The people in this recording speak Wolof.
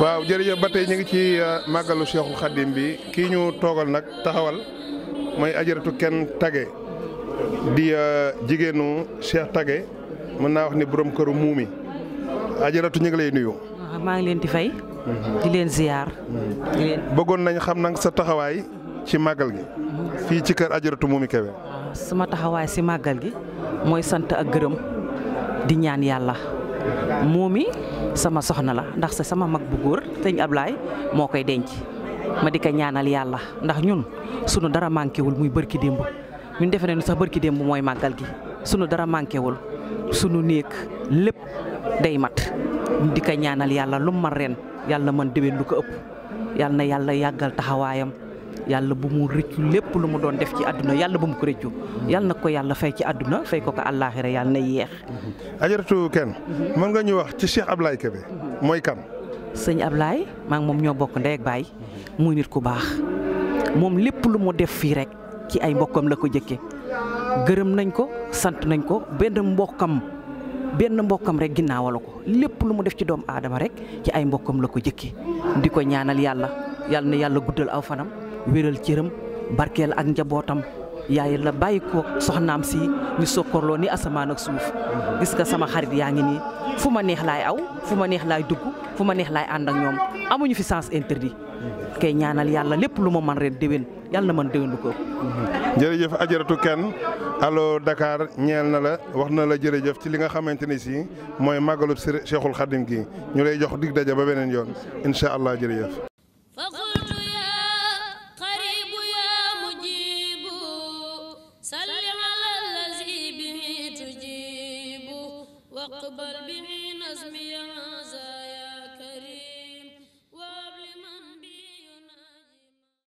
waaw jërëjëf ba tey ñu ngi ci euh, màggalu Cheikhul Khadim bi kii ñu toogal nag taxawal mooy ajaratu kenn tage di euh, jigéenu Cheikh tage mën naa wax ni borom këru muumi ajaratu ñu ngi lay nuyu. maa ngi leen di fay. Mhm. di leen ziar. Mhm. bëggoon nañ xam nag sa taxawaay. ci magal gi fi ci kër ajratu mumi Kébé. Ah, suma taxaway si magal gi moy sante ak gërëm di ñaan yalla mumi sama soxna la ndax sama mag bu goor sëñ ablay mo koy denc ma dika ñaanal yalla ndax ñun suñu dara manké wul muy barki demb ñun defe nañu sax barki demb moy magal gi sunu dara manké wul suñu neek lepp day mat di ko ñaanal yalla lu man ren yalla man dewe lu ko ëpp yalla na yalla yagal taxawayam yàlla bu mu rëccu lépp lu mu doon def ci àdduna yàlla bu mu ko rëccu yàlla na ko yàlla fay ci àdduna fey ko ko àllaaxira yàlla na yeex ajaratu kenn mën nga ñu wax ci Cheikh Ablaye Kébé mooy kan sëñ Ablaye maa ngi moom ñoo bokk ndey ak baay muy nit ku baax moom lépp lu mu def fii rek ci ay mbokkam la ko jëkke gërëm nañ ko sant nañ ko benn mbokkam benn mbokkam rek ginnaawala ko lépp lu mu def ci doomu aadama rek ci ay mbokkam la ko jëkke di yàlla yàlla yàlla guddal aw fanam wëral cëram barkel ak njabootam yaay la bayiko ko si ñu sokkorloo ni asaman ak suuf gis nga sama xarit yaangi ni fuma fu neex lay aw fu neex lay dugg fu neex lay and ak ñom amuñu fi sens interdit kay ñaanal yalla lepp luma man reen dewel yalla man dewel ko ajeratu ken allo Dakar ñeel na la wax na la jërëjëf ci li nga xamanteni si moy màggalub Cheikhul Khadim gi ñu lay jox dig dajja ba benen yoon inshallah salli ala allazi bihi tujibu waqbal bihi nazmiya